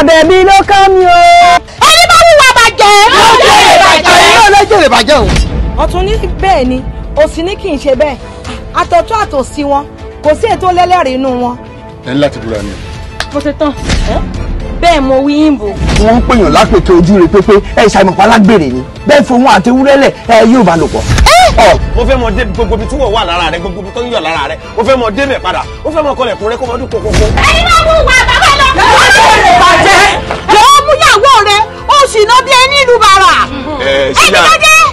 àbẹ̀bí ló ká mi o. ẹni bá wúwa bàjẹ́. yóò jèrè bàjẹ́. yóò lè jèrè bàjẹ́ o. ọ̀tún ní bẹ́ẹ̀ ni òsì ní kì í ṣe bẹ́ẹ̀ àtọ̀tọ̀ àtòsí wọn kò sí ètò lẹ́lẹ́rìí inú wọn. ẹ ń láti búra ni. mo ti tán bẹ́ẹ̀ mo wí yìnbó. wọ́n ń pèèyàn lápèké ojú rẹ pé pé ẹ ṣàìmọ̀pá alágbèrè ni bẹ́ẹ̀ fòun àti ewúrẹ́lẹ̀ ẹ yóò bá lò pọ̀. mo fẹ́ mọ débi gbogbo ibi tí wọ́n wà lára rẹ gbogbo ibi tó ń yọ̀ lára rẹ mo fẹ́ mọ débẹ̀ padà mo fẹ́ mọ kọlẹ̀kùn rẹ kó mọ dún kókókó. ẹni máa mú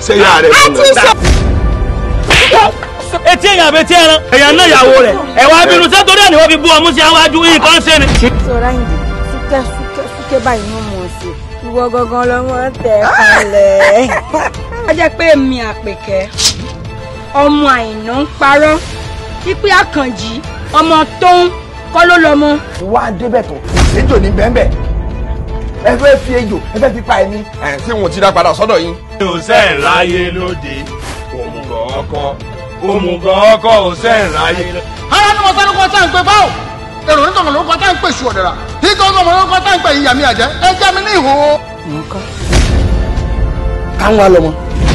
ṣé yàrá rẹ fún mi etí èèyàn àbí etí ẹran èèyàn náà yàwó rẹ ẹwà abirùn sẹtọrí ẹni wọn fi bú ọmú sí àwájú nǹkan ṣe ni. sọ̀rọ̀ àyìnbí súkẹ́ súkẹ́ súkẹ́ báyìí ló mọ̀ sí ìwọ gangan lọ́mọ tẹ̀ kalẹ̀. a jẹ́ pé èmi àpèkẹ́ ọmọ àìná ń parọ́ pípé àkànjì ọmọ tó ń kọ́ ló lọ́mọ. wá débẹ̀ tó ìṣèjò ní bẹ́ẹ̀ bẹ́ẹ̀ ẹ fẹ́ fi ejò ẹ fẹ́ fi pa ẹni. ẹ ṣé wọn ti dá padà sọ́dọ̀ yín. mi ò sẹ́ ń láyé lóde òmùgọ̀ ọkọ òmùgọ̀ ọkọ ò sẹ́ ń láyé. ara ni mo sáré kọ́ tá à ń pè báwò èrò nítorí ló kọ́ tá à ń pè sùn ọ̀dẹ̀rà nítorí ọmọ ló kọ́ tá ń pè yíyà àjẹ́ ẹ jẹ́ mi ní ìhòòhò. nǹkan káwọn lọmọ.